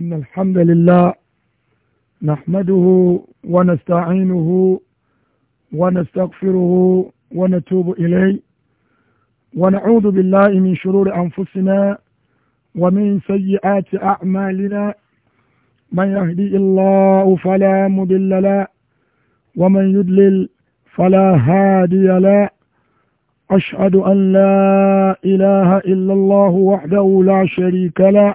إن الحمد لله نحمده ونستعينه ونستغفره ونتوب إليه ونعوذ بالله من شرور أنفسنا ومن سيئات أعمالنا من يهدي الله فلا مضل له ومن يدلل فلا هادي له أشهد أن لا إله إلا الله وحده لا شريك له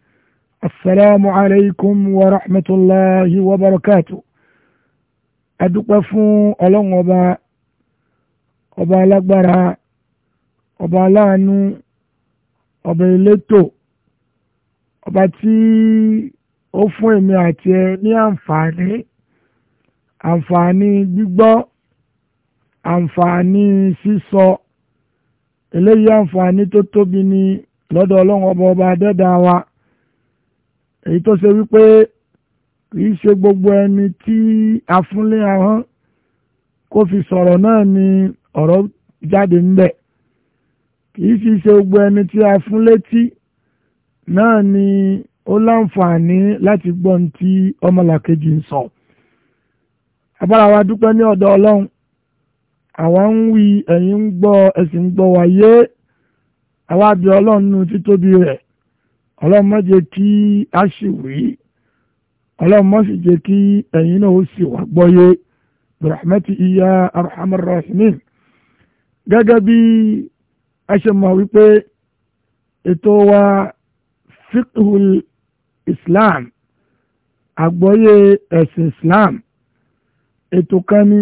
السلام عليكم ورحمة الله وبركاته adúpẹ́ fún ọlọ́run ọba ọba alágbára ọba aláàánú ọba elétò ọba tí ó fún èmi àti ẹ ní àǹfààní àǹfààní gbígbọ́ àǹfààní sísọ eléyìí àǹfààní tó tóbi ni lọ́dọ̀ ọlọ́run ọba ọba adẹ́dàá wa. èyí tó ṣe wípé kìí ṣe gbogbo ẹni tí afúnlé ahọ́n kó fi sọ̀rọ̀ náà ni ọ̀rọ̀ jáde ńbẹ̀ kìí sì ṣe gbogbo ẹni tí afúnlé tí náà ni ó láǹfààní láti gbọ́ ohun tí ọmọlàkejì ń sọ abára wa dúpẹ́ ní ọ̀dọ̀ ọlọ́run àwa ń wí ẹ̀yin ń gbọ́ ẹ̀sìn ń gbọ́ wáyé àwa bí ọlọ́run nínú títóbi rẹ̀ ọlọ́run má jẹ́ kí a sì wí ọlọ́run má sì jẹ́ kí ẹ̀yin náà ó sì wá gbọ́yé rahmatu iya arhamar rahimin gẹ́gẹ́ bí a ṣe mọ̀ wípé ètò wa fiqhul islam àgbọ́yé ẹ̀sìn islam ètò kan ní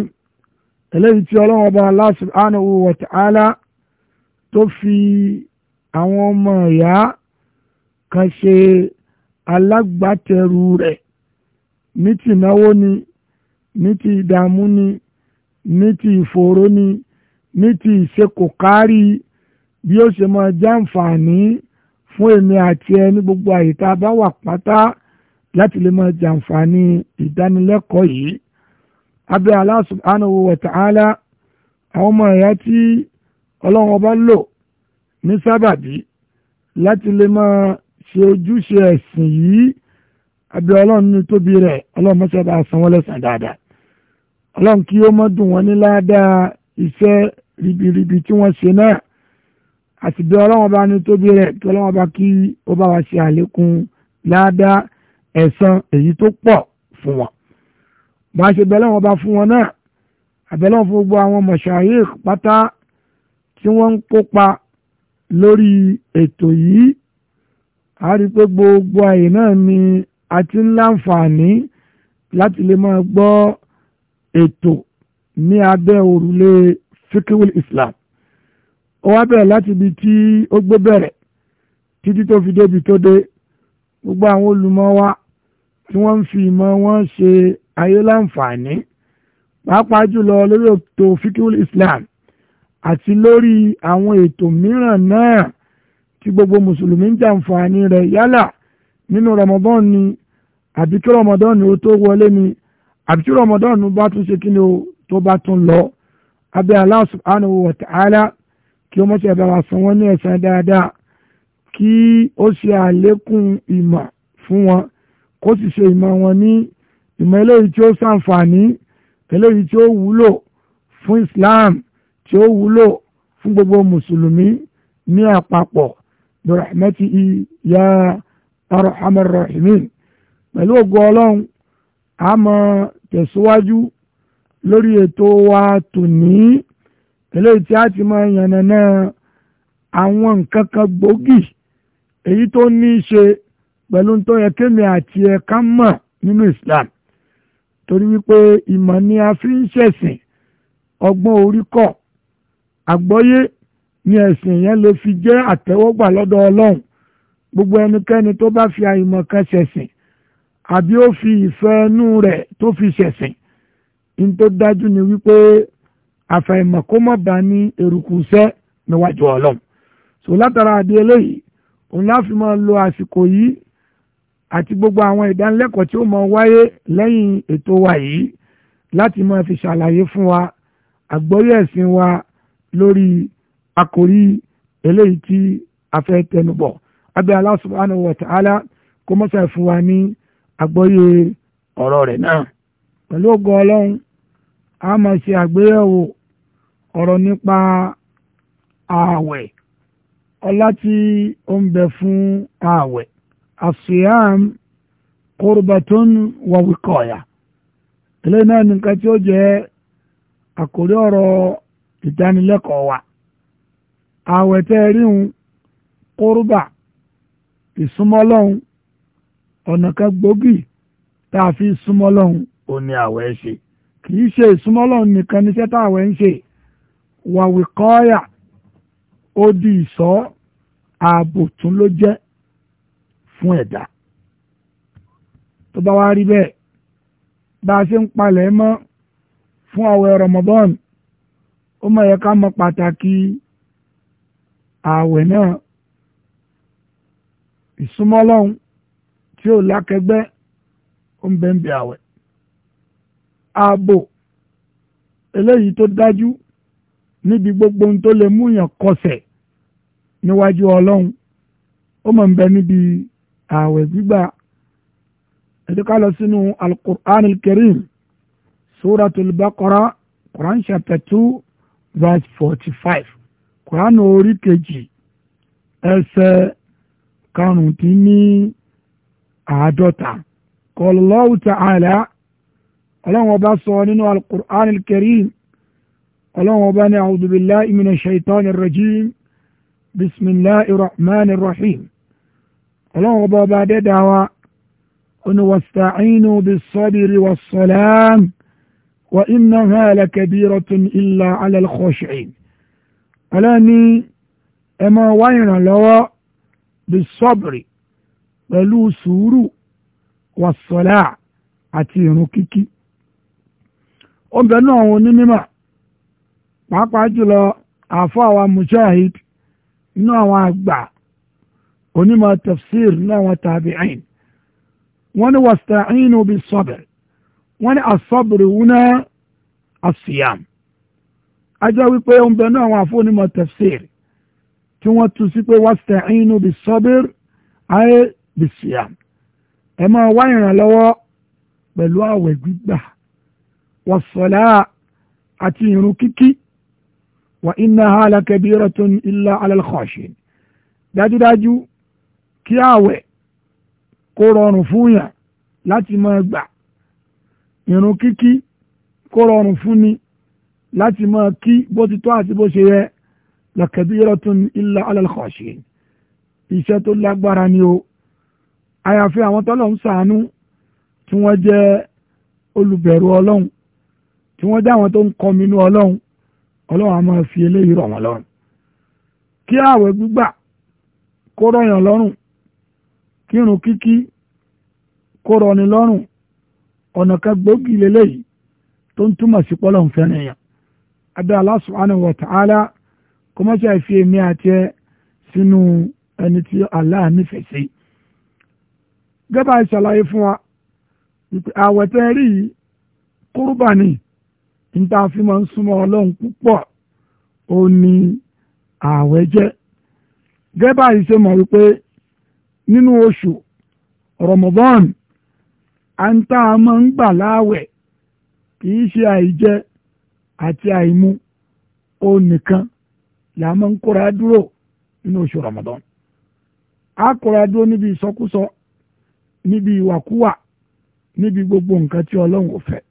eléyìí tí ọlọ́run ọba Allah subhanahu wa ta'ala tó fi àwọn ọmọ ìyá kan ṣe alágbàtẹrù rẹ̀ ní ti náwó ni ní ti ìdààmú ni ní ti ìfòòró ni ní ti ìṣekòkárí bí ó ṣe máa jàǹfààní fún èmi àti ẹ ní gbogbo àyíká bá wà pátá láti lè máa jàǹfààní ìdánilẹ́kọ̀ọ́ yìí abẹ́ Allah subhanahu wa àwọn ọmọ ẹ̀yà tí ọlọ́run ọba lò ní sábàbí láti lè máa ṣe ojúṣe ẹ̀sìn yìí abẹ́ ọlọ́run ní tóbi rẹ̀ ọlọ́run mọ́ṣẹ́ bá san wọ́n lẹ́sàn dáadáa ọlọ́run kí ó mọ́ dùn wọ́n ní ládàá iṣẹ́ ribiribi tí wọ́n ṣe náà àti bí ọlọ́run bá ní tóbi rẹ̀ kí ọlọ́run bá kí ó bá wa ṣe àlékún ládàá ẹ̀san èyí tó pọ̀ fún wọn bá a ṣe bẹ́ẹ̀ lọ́wọ́ bá fún wọn náà àbẹ́lọ́wọ́ fún gbogbo àwọn mọ̀ṣáyé pátá tí wọ́n ń kópa lórí ètò yìí a rí i pé gbogbo àyè náà ni a ti ń láǹfààní láti lè máa gbọ́ ètò ní abẹ́ òrùlé fikiwil islam ó wá bẹ̀rẹ̀ láti ibi tí ó gbé bẹ̀rẹ̀ títí tó fi débi tó dé gbogbo àwọn olùmọ̀ wa tí wọ́n ń fi ìmọ̀ wọn ṣe ayé láǹfààní pàápàá jùlọ lórí ètò fikiwil islam àti lórí àwọn ètò mìíràn náà tí gbogbo mùsùlùmí ń jàǹfààní rẹ̀ yálà nínú ramadan ni àbí kí ramadan ni ó tó wọlé ni àbí tí ramadan bá tún ṣe kí ni ó tó bá tún lọ abẹ́ Allah subhanahu wa ta'ala kí ó mọ̀ṣẹ́ bá wa san wọ́n ní ẹ̀san dáadáa kí ó ṣe àlékún ìmọ̀ fún wọn kó sì ṣe ìmọ̀ wọn ní ìmọ̀ eléyìí tí ó ṣàǹfààní eléyìí tí ó wúlò fún Islam tí ó wúlò fún gbogbo mùsùlùmí ní àpapọ̀ birahmatihi ya arhamar rahimin pẹ̀lú ògo ọlọ́run a máa tẹ̀síwájú lórí ètò wa tòní eléyìí tí a ti máa yànnàná àwọn nǹkan kan gbòógì èyí tó ní í ṣe pẹ̀lú tó yẹ kémi àti ẹ̀ka mọ̀ nínú Islam torí wípé ìmọ̀ ni a fi ń ṣẹ̀sìn ọgbọ́n orí kọ́ àgbọ́yé ni ẹ̀sìn yẹn lè fi jẹ́ àtẹ́wọ́gbà lọ́dọ̀ ọlọ́run gbogbo ẹnikẹ́ni tó bá fi àìmọ̀ kan ṣẹ̀sìn àbí ó fi ìfẹ́ inú rẹ̀ tó fi ṣẹ̀sìn in tó dájú ni wípé àfàìmọ̀ kó mọ̀ bá ní erukuṣẹ́ níwájú ọlọ́run so látara àdé eléyìí òun láfi máa lo àsìkò yìí àti gbogbo àwọn ìdánilẹ́kọ̀ọ́ tí ó máa wáyé lẹ́yìn ètò wa yìí láti máa fi ṣàlàyé fún wa àgbọ́yé wa lórí akori eleyi tí a fẹ tẹnubọ̀ abẹ́ Allah subhanahu wa ta'ala kó mọ́sà fún wa ní àgbọ́yé ọrọ rẹ náà pẹ̀lú ògo ọlọ́run a máa ṣe àgbéyẹ̀wò nípa ààwẹ̀ ọlá tí ó ń bẹ fún ààwẹ̀ àṣìyàm qurbatun wa eléyìí náà nìkan tí ó wa àwẹ̀ tẹ́ ẹ ríhun kórúbà ìsúnmọ́lọ́hun ọ̀nà kan gbòógì tá a fi súnmọ́lọ́hun ó ní àwẹ̀ ṣe kì í ṣe ìsúnmọ́lọ́hun nìkan níṣẹ́ tá àwẹ̀ ń ṣe wàwíkọ́ọ̀yà ó di ìṣọ́ ààbò tún ló jẹ́ fún ẹ̀dá tó bá wá rí bẹ́ẹ̀ bá a ṣe ń palẹ̀ mọ́ fún àwẹ̀ Ramadan ó mọ̀ yẹ ká mọ pàtàkì ààwẹ̀ náà ìsúnmọ́lọ́hún tí ò lákẹgbẹ́ ó ń bẹ́ ń bẹ ààwẹ̀ ààbò eléyìí tó dájú níbi gbogbo ohun tó lè múyàn kọsẹ̀ níwájú ọlọ́run ó mọ̀ ń bẹ níbi ààwẹ̀ gbígbà ẹ̀dí lọ sínú alukur'an al-karim suratul baqara quran chapter two verse forty five kùránù orí kejì ẹsẹ̀ karùndínní àádọ́ta Allahu ta'ala ọlọ́run ọba sọ nínú alukur'an karim ọlọ́run ọba ní a'udhu billahi minash shaitanir rajim bismillahir rahmanir rahim ọlọ́run ọba ọba adẹ́dáwa ọ̀nà wasta'inu bis-sabri was-salam wa innaha lakabiratun illa 'ala al-khashi'in. ọlọ́ni ẹ máa wá ìrànlọ́wọ́ bí sọ́bìrì pẹ̀lú sùúrù wàsọ̀lá àti ìrun kíkí ó ń náà wọn ní mímọ̀ pàápàá jùlọ àfọ àwa mujahid inú àwọn àgbà onímọ̀ tafsir ní àwọn tabi'in wọ́n ní wasta'inu bis sọ́bìrì, wọ́n ní as wúná as ajọ́ wípé ó ń bẹ náà àwọn àfọ́nímọ̀ tafsir tí wọ́n tu sí pé wasta'inu bis-sabr ayé bis-siyam ẹ máa wá ìrànlọ́wọ́ pẹ̀lú àwẹ̀ gbígbà was-sala àti ìrun kíkí wa innaha lakabiratun illa 'ala al-khashin dájúdájú kí àwẹ̀ kó rọrùn fún yàn láti máa gbà ìrun kíkí kó rọrùn fún ni láti máa kí bó ti tọ́ àti bó ṣe yẹ lakabiratun illa ala al-khashin iṣẹ́ tó lágbára ni o àyàfi àwọn tọ́lọ̀ ń sàánú tí wọ́n jẹ́ olùbẹ̀rù ọlọ́run tí wọ́n jẹ́ àwọn tó ń kọminú ọlọ́run ọlọ́run a máa fi eléyìí rọ̀ wọ́n lọ́rùn kí ààwẹ̀ gbígbà kó rọ̀yàn lọ́rùn kírun kíkí kó rọ̀ni lọ́rùn ọ̀nà kan gbòógì lélẹ́yìí tó ń túmọ̀ sí pọ́lọ́run fẹ́ràn abẹ́ Allah subhanahu wa ta'ala kọ́mọ́sá fi èmi àti ẹ sínú ẹni tí Allah nífẹ̀ẹ́ sí. gẹ́bà ìṣàlàyé fún wa àwẹ̀ tẹ́ rí kúrúbà ni níta fi máa ń súnmọ́ ọlọ́run púpọ̀ ó ní àwẹ̀ jẹ́ gẹ́bà ìṣe mọ̀ wípé nínú oṣù Ramadan à ń tá a máa ń gbà láàwẹ̀ kì í ṣe àìjẹ́ àti àìmú ó nìkan là máa ń kóra dúró nínú oṣù Ramadan a kóra dúró níbi ìsọkúsọ níbi ìwàkúwà níbi gbogbo nǹkan tí ọlọ́run ò fẹ́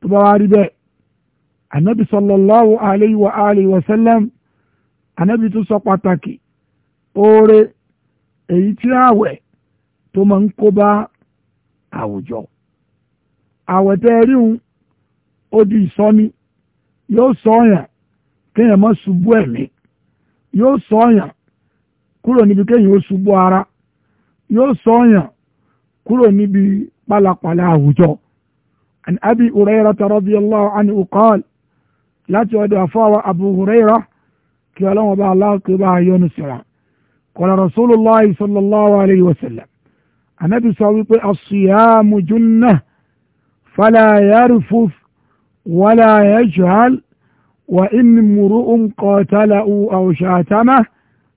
tó bá wá rí bẹ́ẹ̀ anabi anabi sọ pàtàkì oore èyí tí tó máa ó di ìsọ́ni yóò sọ ọ̀yàn kéèyàn má ṣubú ẹ̀mí yóò sọ ọ̀yàn kúrò níbi kéèyàn ó ṣubú ara yóò sọ ọ̀yàn kúrò níbi pálapàla àwùjọ. عن أبي هريرة رضي الله عنه قال لا تعد أفاوى أبو هريرة كي لهم بها الله قبها يونس السلام قال رسول الله صلى الله عليه وسلم النبي صلى الله عليه الصيام جنة فلا يرفث ولا يجهل وإن امرؤ قاتله أو شاتمه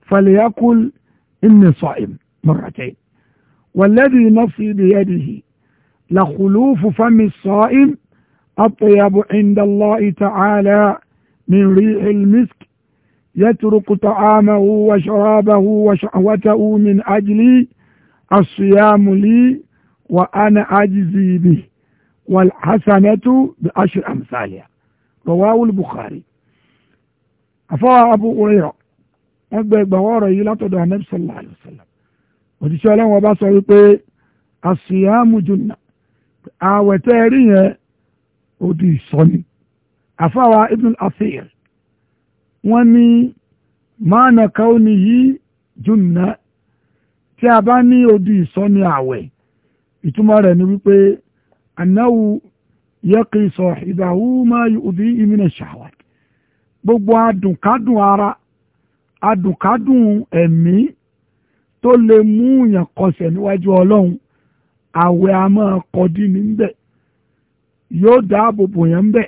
فليقل إني صائم مرتين والذي نصي بيده لخلوف فم الصائم أطيب عند الله تعالى من ريح المسك يترك طعامه وشرابه وشهوته من أجلي الصيام لي وأنا أجزي به والحسنة بعشر أمثالها رواه البخاري أفا أبو هريرة أكبر بوارة يلاتو النبي صلى الله عليه وسلم òjíṣẹ́ ọlọ́run ọba sọ wípé àṣìyàmùjùnà ààwẹ̀ tẹ́ ẹ rí yẹn odi ìsọ́ni àfáwa ibn afir wọ́n ní máàna káóni yìí jùnà tí a bá ní odi ìsọ́ni ààwẹ̀ ìtumọ̀ rẹ̀ ni wípé أنه يقي صاحبه ما يؤذيه من الشهوات gbogbo adùnkádùn ara adùnkádùn ẹ̀mí tó lè mú yàn kọsẹ̀ níwájú ọlọ́run àwẹ̀ a máa kọdí ní ń bẹ̀ yóò dáàbò bò yẹn ń bẹ̀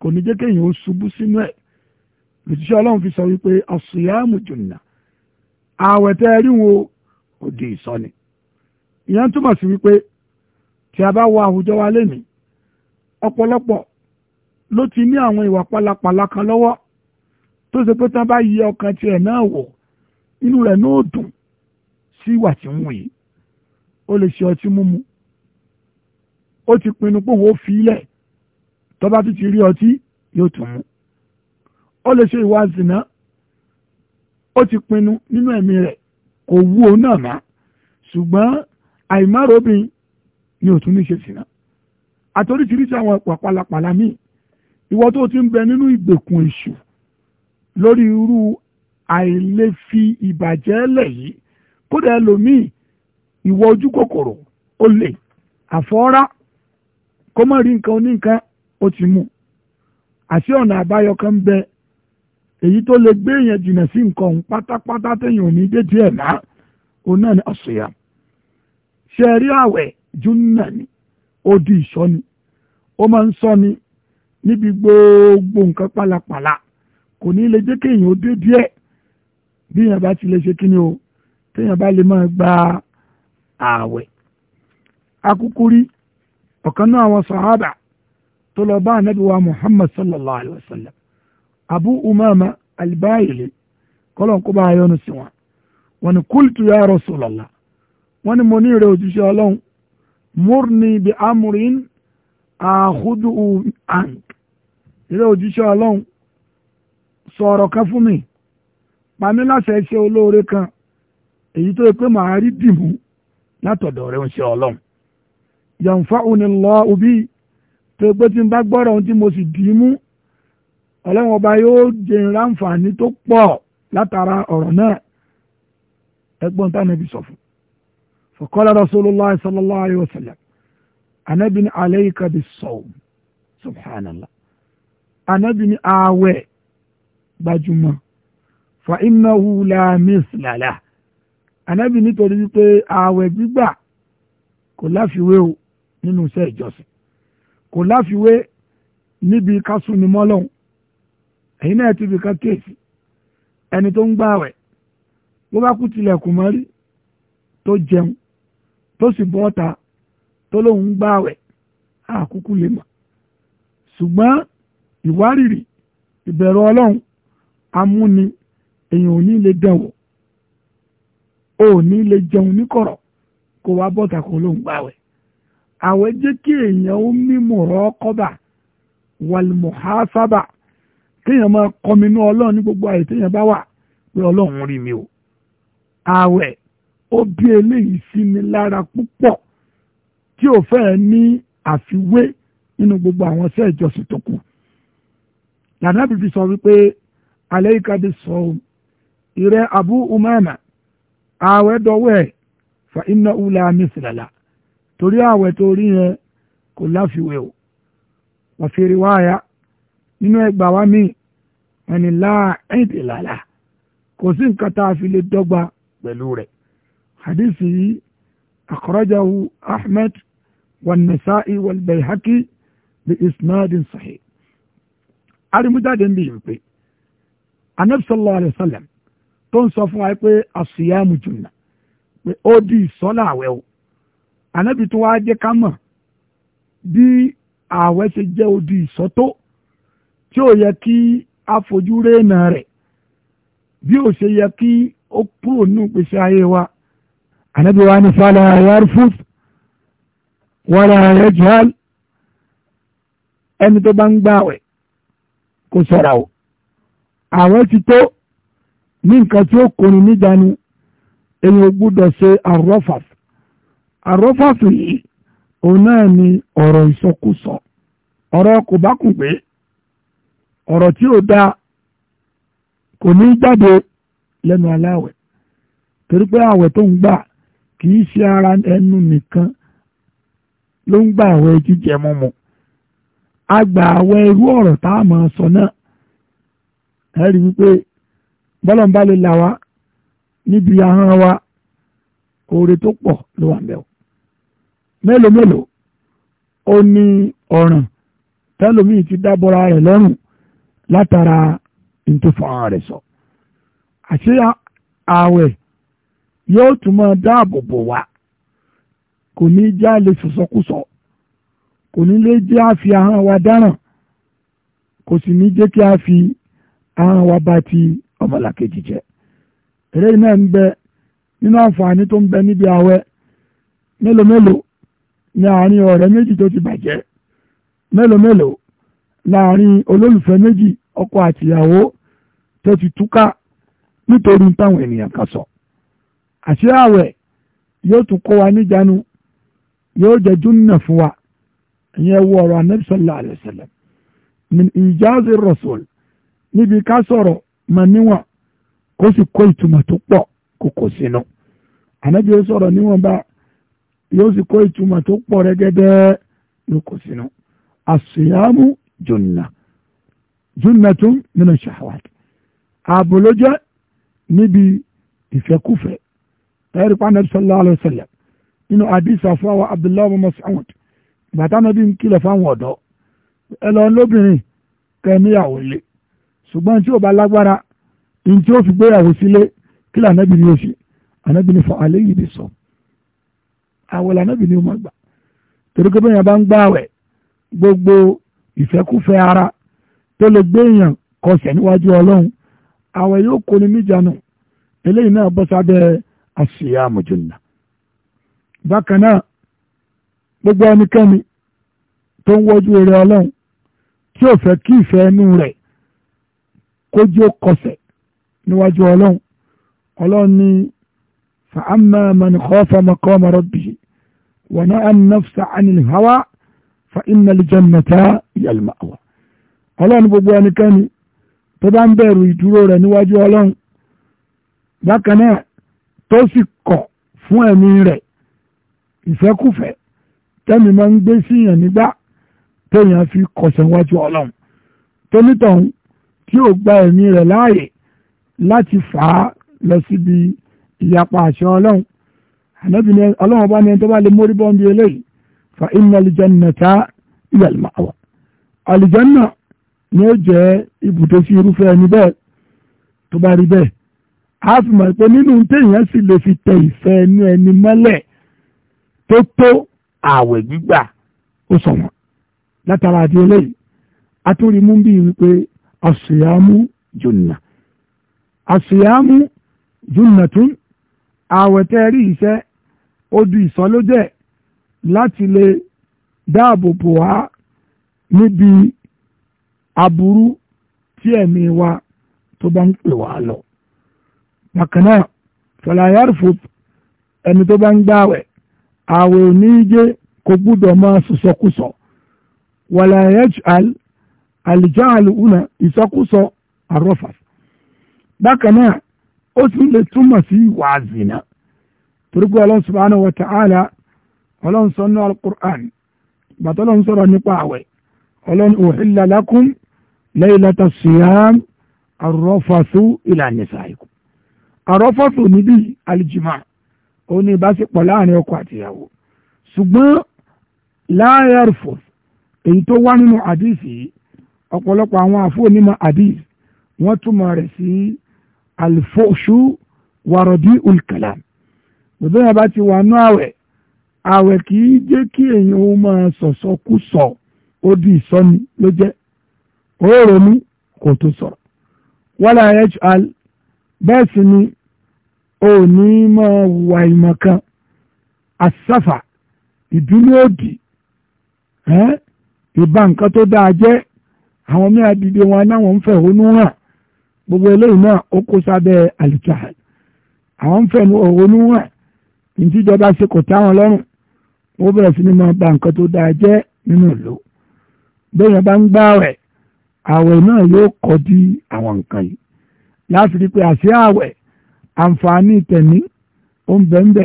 kò ní jẹ́ kéèyàn ó ṣubú sínú ẹ̀ lòtíṣẹ́ ọlọ́run fi sọ wípé àwẹ̀ tẹ́ ẹ rí ìyẹn túmọ̀ sí wípé tí a bá wo àwùjọ wa lénìí ọ̀pọ̀lọpọ̀ ló ti ní àwọn ìwà pálapàla kan lọ́wọ́ tó ṣe pé tán bá yẹ ọkàn tiẹ̀ náà wò inú rẹ̀ náà dùn sí ìwà tí ń wù yìí ó lè ṣe ọtí mímu ó ti pinnu pé òun ó fi ilẹ̀ tó bá tún ti rí ọtí yóò tún mú ó lè ṣe ìwà zìnà ó ti pinnu nínú ẹ̀mí rẹ̀ kò wú òun náà má ṣùgbọ́n àìmárobin yóò tún ní ṣe sìnà àtòríṣiríṣi àwọn ẹ̀pọ̀ pàlàpàlà míì ìwọ tó ti ń bẹ nínú ìgbèkùn èṣù lórí irú àìlèfi ìbàjẹ́ lẹ̀ yìí kódà ẹlòmíì ìwọ ojú kòkòrò ó lè àfọ́rá kó má rí nǹkan oníkan ó ti mú àṣé ọ̀nà àbáyọ kan bẹ èyí tó lè gbé èèyàn jìnnà sí nǹkan òun pátápátá téèyàn ò ní dé díẹ̀ náà òun náà ni àṣùyà ṣe rí àwẹ̀ júnà ni ó di ni, ó máa ń sọ́ni níbi gbogbo nǹkan pálapàla kò ní lè jẹ́ kéèyàn ó dé díẹ̀ bí èèyàn bá ti lè ṣe kíni o téèyàn bá lè máa gba ààwẹ̀ akúkúrí ọ̀kan náà àwọn sàhábà tó lọ bá muhammad sallallahu alayhi wa sallam abu umama albayili kọ́lọ̀n kó bá yọnu ya mo múrni bí amúrin àhúdù àǹk ilé òjíṣẹ́ ọlọ́run sọ̀rọ̀ kan fún mi pàmí láṣẹ iṣẹ́ olóore kan èyí tó yẹ pé màá rí dìmú látọ̀dọ̀ rẹ̀ ń ṣe ọlọ́run yànfà òní lọ òbí tó pé tí n bá gbọ́rọ̀ ohun tí mo sì dì í mú ọlọ́run ọba yóò jẹ́ ìrànfààní tó pọ̀ látara ọ̀rọ̀ náà ẹgbọ́n tánàbí sọ fún un. فقال رسول الله صلى الله عليه وسلم أنا بن عليك بالصوم سبحان الله أنا بن آوي gbajúmọ̀ fa innahu la misla la anábì nítorí wípé ààwẹ̀ gbígbà kò láfiwé o nínú iṣẹ́ ìjọsìn kò láfiwé níbi kásùnimọ́lọ́hún èyí náà ti bìkan kéèsì ẹni tó ń gbààwẹ̀ ló bá kú tilẹ̀kùn mọ́rí tó jẹun tó sì bọ́ ta tó lóun ń gbààwẹ̀ àkúkú lè mọ̀ ṣùgbọ́n ìwárìrì ìbẹ̀rù ọlọ́run amúni èèyàn ò ní lè dẹ̀wọ̀ ò ní lè jẹun níkọ̀rọ̀ kó wá bọ́ta kó lóun gbààwẹ̀ àwẹ̀ jẹ́ kí èèyàn ó mímọ̀ rọ́kọ́bà wàlùmọ̀hásábà kéèyàn máa kọminú ọlọ́run ní gbogbo àyè téèyàn bá wà pé ọlọ́run rí mi o àwẹ̀ ó bí eléyìí sí mi lára púpọ̀ tí ò fẹ́ ní àfiwé nínú gbogbo àwọn iṣẹ́ ìjọsìn tó kù. lànàbí fi sọ wípé alayka bis-sawm ìrẹ́ Abu Umama ààwẹ̀ dọ̀wọ́ ẹ̀ fa innahu la mithla la torí ààwẹ̀ tó rí yẹn kò láfiwé o. wa fi riwaya nínú ẹgbàá wa míì wọn ni láà ẹ̀dẹ̀ làlà kò sí nǹkan tá a fi lè dọ́gba pẹ̀lú rẹ̀ hadisi yìí akhrajahu ahmed wannasa'i walbayhaqi bi isnadin sahih arimujáde ń bí yìí pé anabi sallallahu alayhi wa sallam tó ń sọ fún wa pé asiyamu junna pé ó di ìsọ́lá àwẹ̀ o anabi tó wá jẹ́ ká mọ̀ bí àwẹ̀ ṣe jẹ́ odi ìsọ́tó tí ó yẹ kí afojú rénà rẹ̀ bí ó ṣe yẹ kí ó kúrò nínú ìgbésí ayé wa ànábì wa ní fàlà yarfus wàlà yajhal ẹni tó bá ń gbààwẹ̀ kó ṣọ́ra o àwẹ̀ ti tó ní nǹkan tí ó kóni níjànú èyí ò gbúdọ̀ ṣe àrọ́fàs àrọ́fàs yìí òun náà ni ọ̀rọ̀ ìsọkúsọ ọ̀rọ̀ kò bá kù pé ọ̀rọ̀ tí ò dáa kò ní jáde lẹ́nu aláwẹ̀ torí pé àwẹ̀ tó ń gbà kì í ṣe ara ẹnu nìkan ló ń gbà àwẹ̀ jíjẹ mímu a gbà àwẹ̀ irú ọ̀rọ̀ tá a máa sọ náà ẹ rí wípé bọ́lọ̀mbá lè là wá níbi ahọ́n wa oore tó pọ̀ ló wà mẹ́wọ̀ mélòó mélòó ó ní ọ̀ràn tẹ́lòmíì ti dábọ́ra rẹ̀ lọ́rùn látara ìtòfà rẹ̀ sọ àṣeyà àwẹ̀. So yóò tún máa dáàbò bò wá kò ní jẹ́ àlè sọ̀sọ́kùsọ kò ní lè jẹ́ àfi ahọ́n wa dáràn kò sì ní jẹ́ kí a fi ahọ́n wa bá ti ọmọlàkejì jẹ́ eré náà ń bẹ nínú àǹfààní tó ń bẹ níbi awẹ mélòó mélòó ní àárín ọ̀rẹ́ méjì tó ti bàjẹ́ mélòó mélòó olólùfẹ́ méjì ọkọ àtìyàwó tó ti túká So. àṣé àwẹ̀ yóò tún kó wa níjànú yóò jẹ́ júnà fún wa ìyẹn wo ọ̀rọ̀ anabi sallallahu alayhi wa sallam min ijazi rasul níbi ká sọ̀rọ̀ mà níwọ̀n kó sì kó ìtumọ̀ tó pọ̀ kó kó sínú anabi yóò sọ̀rọ̀ níwọ̀nba yóò sì kó ìtumọ̀ tó pọ̀ rẹ́gẹ́dẹ́ yóò kó sínú àṣìyàmú jùnà jùnà tún nínú ṣàwàdì ààbò níbi ìfẹ́kùfẹ́ ẹ̀rí pàánà sallallahu alaihi wasallam nínú àdìsí àfọwọ́ abdullahi mas'ud bàtà náà bí ń kìlọ̀ fáwọn ọ̀dọ́ ẹ lọ lóbìnrin kẹ́míyàwó lé ṣùgbọ́n tí ó bá lágbára ní tí ó fi gbéyàwó sílé kí lànàbì ni ó ṣe ànàbì ni fọ àlẹ́ yìí ni sọ àwẹ̀ lànàbì ni ó máa gbà torí pé bẹ́yàn bá ń gbààwẹ̀ gbogbo ìfẹ́kúfẹ́ ara tó lè gbéyàn kọsẹ̀ níwájú ọlọ́run àwẹ̀ yóò kó ni níjànú eléyìí náà bọ́ sábẹ́ asiyamu junna bákan náà gbogbo ẹnikẹ́ni tó ń wọ́jú eré ọlọ́run tí ò fẹ́ kí ìfẹ́ inú rẹ̀ kójú kọsẹ̀ níwájú ọlọ́run ọlọ́run ní fa'amma man khafa maqama rabbihi wa na'a an-nafsa 'anil hawa fa inna al-jannata hiya ọlọ́run gbogbo ẹnikẹ́ni tó bá ń bẹ̀rù ìdúró rẹ̀ níwájú ọlọ́run bákan tó sì kọ̀ fún ẹ̀mí rẹ̀ ìfẹ́kùfẹ́ tẹ́mi máa ń gbé síyàn nígbà téèyàn fi kọ̀sẹ̀ wájú ọlọ́run tónítọ̀hún tí ò gba ẹ̀mí rẹ̀ láàyè láti fà á lọ síbi ìyapa àṣẹ ọlọ́run ànábì ni ọlọ́run bá ní ẹni tó bá lè mórí bọ́ǹdì eléyìí fa innal jannata iyal ma'wa àlìjánà ni ó jẹ́ ibùdó sí irúfẹ́ ẹni bẹ́ẹ̀ tó bá rí bẹ́ẹ̀ a fi mọ̀ pé nínú téèyàn sì lè fi tẹ ìfẹ́ ẹnu ẹni mọ́lẹ̀ tó tó ààwẹ̀ gbígbà ó sọ̀wọ́n látara àti eléyìí atúrí mú bí wípé àṣìyàmú jùnà àṣìyàmú jùnà tún ààwẹ̀ tẹ́ rí iṣẹ́ ó ìsọlójẹ́ láti lè dáàbò bò wá níbi aburú tí ẹ̀mí wa tó bá ń pè wá lọ bákan náà fọláyàrfò ẹni tó bá ń gbààwẹ̀ àwẹ̀ oníjẹ kò gbúdọ̀ máa sọsọkúsọ wàlàyẹjù àlìjọ àlùhùnà ìsọkúsọ àrọfà bákan náà ó sì lè túmọ̀ sí ìwà àzìnà torí pé ọlọ́run subhanahu wa ta'ala ọlọ́run sọ ní alukur'an bàtà ọlọ́run sọ̀rọ̀ nípa àwẹ̀ ọlọ́run uhilla lakum laylata siyam arrafasu ila nisaikum àrọ́fọ́tò níbi àlìjìmá òun ni ìbáṣepọ̀ láàrin ọkọ àtìyàwó ṣùgbọ́n láàrẹ̀fọ̀ èyí tó wá nínú àdìsí ọ̀pọ̀lọpọ̀ àwọn àfọ̀nímọ̀ àdìsí wọ́n túmọ̀ rẹ̀ sí àlìfọ́ṣù wàrọ̀dí olùkàlà gbogbo yẹn bá ti wà nú àwẹ̀ àwẹ̀ kì í jẹ́ kí èèyàn ó máa sọ̀sọ́ kú sọ ó di ìsọ́ni ló jẹ́ ó ronú kò tó sọ̀rọ̀ wọ́n láyé bẹ́ẹ̀ sì ni ò ní máa wà ìmọ̀kan àsáfà ìdúró òdì ìbá nǹkan tó dáa jẹ́ àwọn mí àdìdì wọn náwọn ń fẹ̀hónú hàn gbogbo eléyìí náà ó kó sábẹ́ àlùkà àwọn ń fẹ̀hónú hàn ìtìjọba ṣe kò táwọn lọ́rùn bẹ̀rẹ̀ sí ba nǹkan tó dáa jẹ́ nínú ìlú bẹ́ẹ̀ bá ń gbá di àwọn nǹkan yìí láti rí pé àṣẹ àǹfààní tẹ̀mí o ń bẹ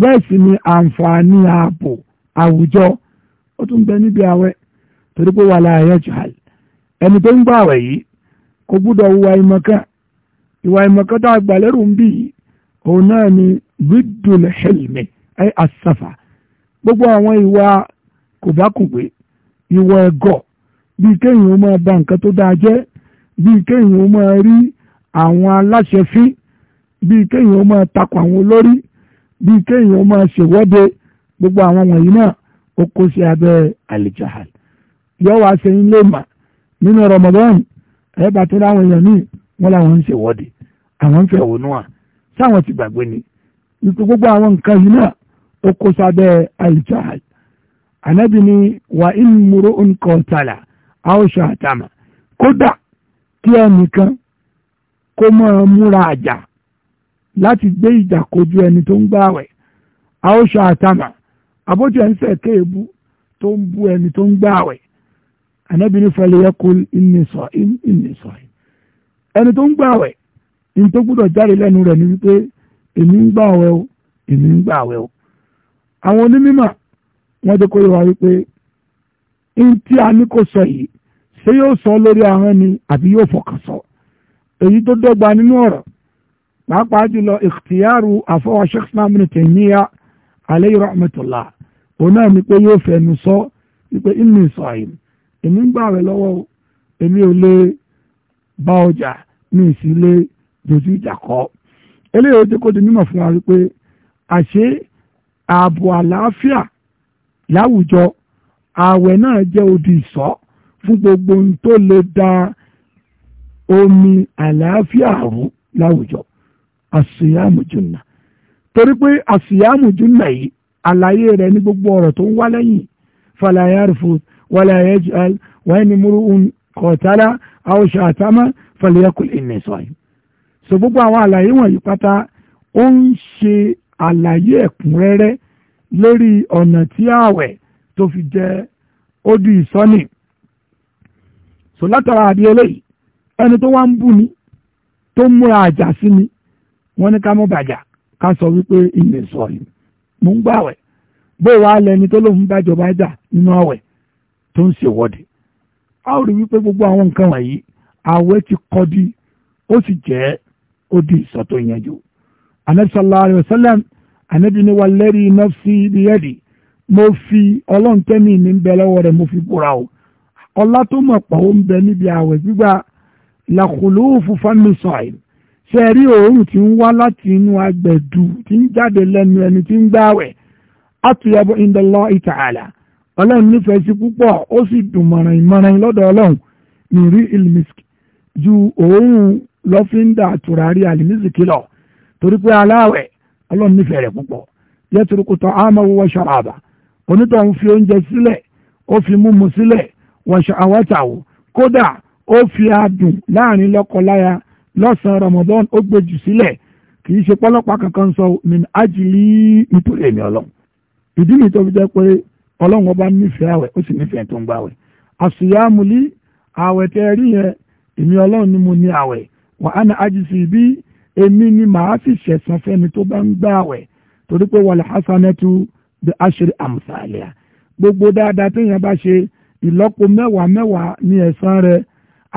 bẹ́ẹ̀ sì ni àǹfààní ààbò àwùjọ ó tún bẹ níbi àwẹ̀ torí pé wà láàyè jùhàl ẹni tó ń gbà àwẹ̀ yìí kò gbúdọ̀ wà ìmọ̀kan ìwà ìmọ̀kan tá lérò ni ẹ asafa gbogbo àwọn ìwà kò ego ìwà ẹ̀gọ̀ bíi kéèyàn máa bà nǹkan tó dáa jẹ́ bíi kéèyàn máa rí bíi kéèyàn máa takwa àwọn olórí bíi kéèyàn máa ṣèwọ́de gbogbo àwọn wọ̀nyí náà ó kó sí abẹ́ àlìjàhàl yóò wá ṣe lè mà nínú Ramadan ẹ tó láwọn èèyàn ní wọn làwọn ń ṣèwọ́de àwọn ń fẹ̀hónú sáwọn ti gbàgbé gbogbo àwọn nǹkan yìí náà ó kó ànábì ni wà ń múró nǹkan àwòṣà àtàmà kódà kí ẹnìkan kó máa múra láti gbé ìjà kojú ẹni tó ń gbààwẹ̀ àóṣọ àtàmà àbójú ẹni sẹ̀kẹ́ èbú tó ń bú ẹni tó ń gbààwẹ̀ ànábìrin fẹlẹ̀ yẹ kó inni ẹni tó ń gbààwẹ̀ ní tó gbúdọ̀ jáde lẹ́nu rẹ̀ ni wípé èmi ń gbààwẹ̀ o èmi ń gbààwẹ̀ o àwọn onímọ̀ wọ́n jẹ́ kó yẹ wá wípé ní tí a ní kò sọ yìí ṣé yóò sọ lórí ahọ́n ni àbí yóò fọkàn sọ èyí tó dọ́gba nínú ọ̀rọ̀ pàápàá jùlọ ìkìtìyàrú àfọwọ́ ṣẹ́kṣínà ibn Taymiyyah alayhi rahmatullah òun náà ni pé yóò fẹnu sọ wípé inni sa'im èmi ń gbà rẹ lọ́wọ́ èmi ò lè bá ọjà ní ìsílẹ̀ dojú ìjà kọ́ eléyìí ó jẹ́ kó di mímọ̀ fún wa wípé àṣé ààbò àlàáfíà láwùjọ ààwẹ̀ náà jẹ́ odi ìṣọ́ fún gbogbo ohun tó lè da omi àlàáfíà rú láwùjọ àṣìyàmù jùnà torí pé àṣìyàmù jùnà yìí àlàyé rẹ̀ ní gbogbo ọ̀rọ̀ tó ń wá lẹ́yìn falayarfu walayajal wẹ́ni múrùn kọ̀tálá àwòṣà àtàmà falayakul ìnẹ̀sọ̀yìn so gbogbo àwọn àlàyé wọ̀nyí pátá ó ń ṣe àlàyé ẹ̀kúnrẹ́rẹ́ lórí ọ̀nà tí ààwẹ̀ tó fi jẹ́ ó ìsọ́nì so látara àdí ẹni tó wá ń bú ni tó múra àjà sí ni wọ́n ní ká mọ́ bàjá ká sọ wípé ilẹ̀ sọ yìí mò ń gbàwẹ̀ bó wàá lẹni tó lóun bájọba jà nínú àwẹ̀ tó ń ṣèwọ́de a ó rí wípé gbogbo àwọn nǹkan wọ̀nyí àwẹ̀ ti kọ́dí ó sì jẹ́ ó di ìsọ̀tò ìyẹnjú anabi sallallahu wa sallam anabi ni walladhi nafsi biyadi mo fi ọlọ́ntẹ́mì mi ń bẹ lọ́wọ́ rẹ̀ mo fi búra o ọlá tó mọ̀ pọ̀ ó ń bẹ níbi àwẹ̀ gbígbà làkùlù fúnfà mi sọ̀rọ̀ ṣe rí òórùn tí ń wá láti inú agbẹ̀dù tí ń jáde lẹ́nu ẹni tí ń gbáwẹ̀ atuyabu indallah ta'ala ọlọ́run nífẹ̀ẹ́ sí púpọ̀ ó sì dùn mọ̀ràn ìmọ̀ràn lọ́dọ̀ ọlọ́run ní rí ilmisk ju òórùn lọ́fíńdà tùràrí alimisiki lọ torí pé aláwẹ̀ ọlọ́run nífẹ̀ẹ́ rẹ̀ púpọ̀ yẹ turukutọ̀ amawu wa ṣaraba onítọ̀ ń fi oúnjẹ sílẹ̀ ó fi múmu sílẹ̀ wọ̀ṣọ̀ àwọ̀tàwò kódà ó fi adùn láàrin lọ́kọláya lọ́sàn-án Ramadan ó gbèjù sílẹ̀ kì í ṣe pọ́lọ́pàá kankan sọ min ajili nítorí èmi ọlọ́run ìdí mi tó fi jẹ́ pé ọlọ́run ọba nífẹ̀ẹ́ àwẹ̀ ó sì nífẹ̀ẹ́ tó ń gbà àwẹ̀ àṣùyàmùlí àwẹ̀ tẹ́ rí yẹn èmi ọlọ́run ni mo ní àwẹ̀ wà á na ajísí bí èmi ni màá sì ṣẹ̀san fẹ́ni tó bá ń gbà àwẹ̀ torí pé wàlẹ̀ hasanatu bí aṣèré àmùsàlẹ̀ gbogbo dáadáa téèyàn bá ṣe ìlọ́po mẹ́wàá mẹ́wàá ní ẹ̀san rẹ̀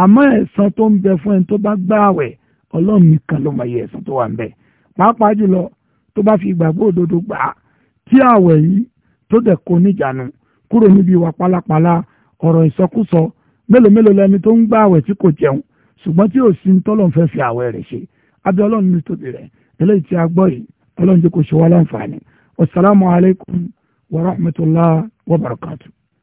àmọ́ ẹ̀san tó ń bẹ fún ẹni tó bá gbá àwẹ̀ ọlọ́run nìkan ló mọ̀ iye ẹ̀san tó wà ń bẹ pàápàá jùlọ tó bá fi ìgbàgbọ́ òdodo gbà á tí àwẹ̀ yìí tó dẹ̀ kó níjànú kúrò níbi ìwà pálapàla ọ̀rọ̀ ìsọkúsọ mélòó mélòó lẹni tó ń gbá àwẹ̀ tí kò jẹun ṣùgbọ́n tí ò sí ní tọ́lọ́n fẹ́ fi àwẹ̀ rẹ̀ ṣe abẹ́ ọlọ́run ní tòbí rẹ̀ eléyìí tí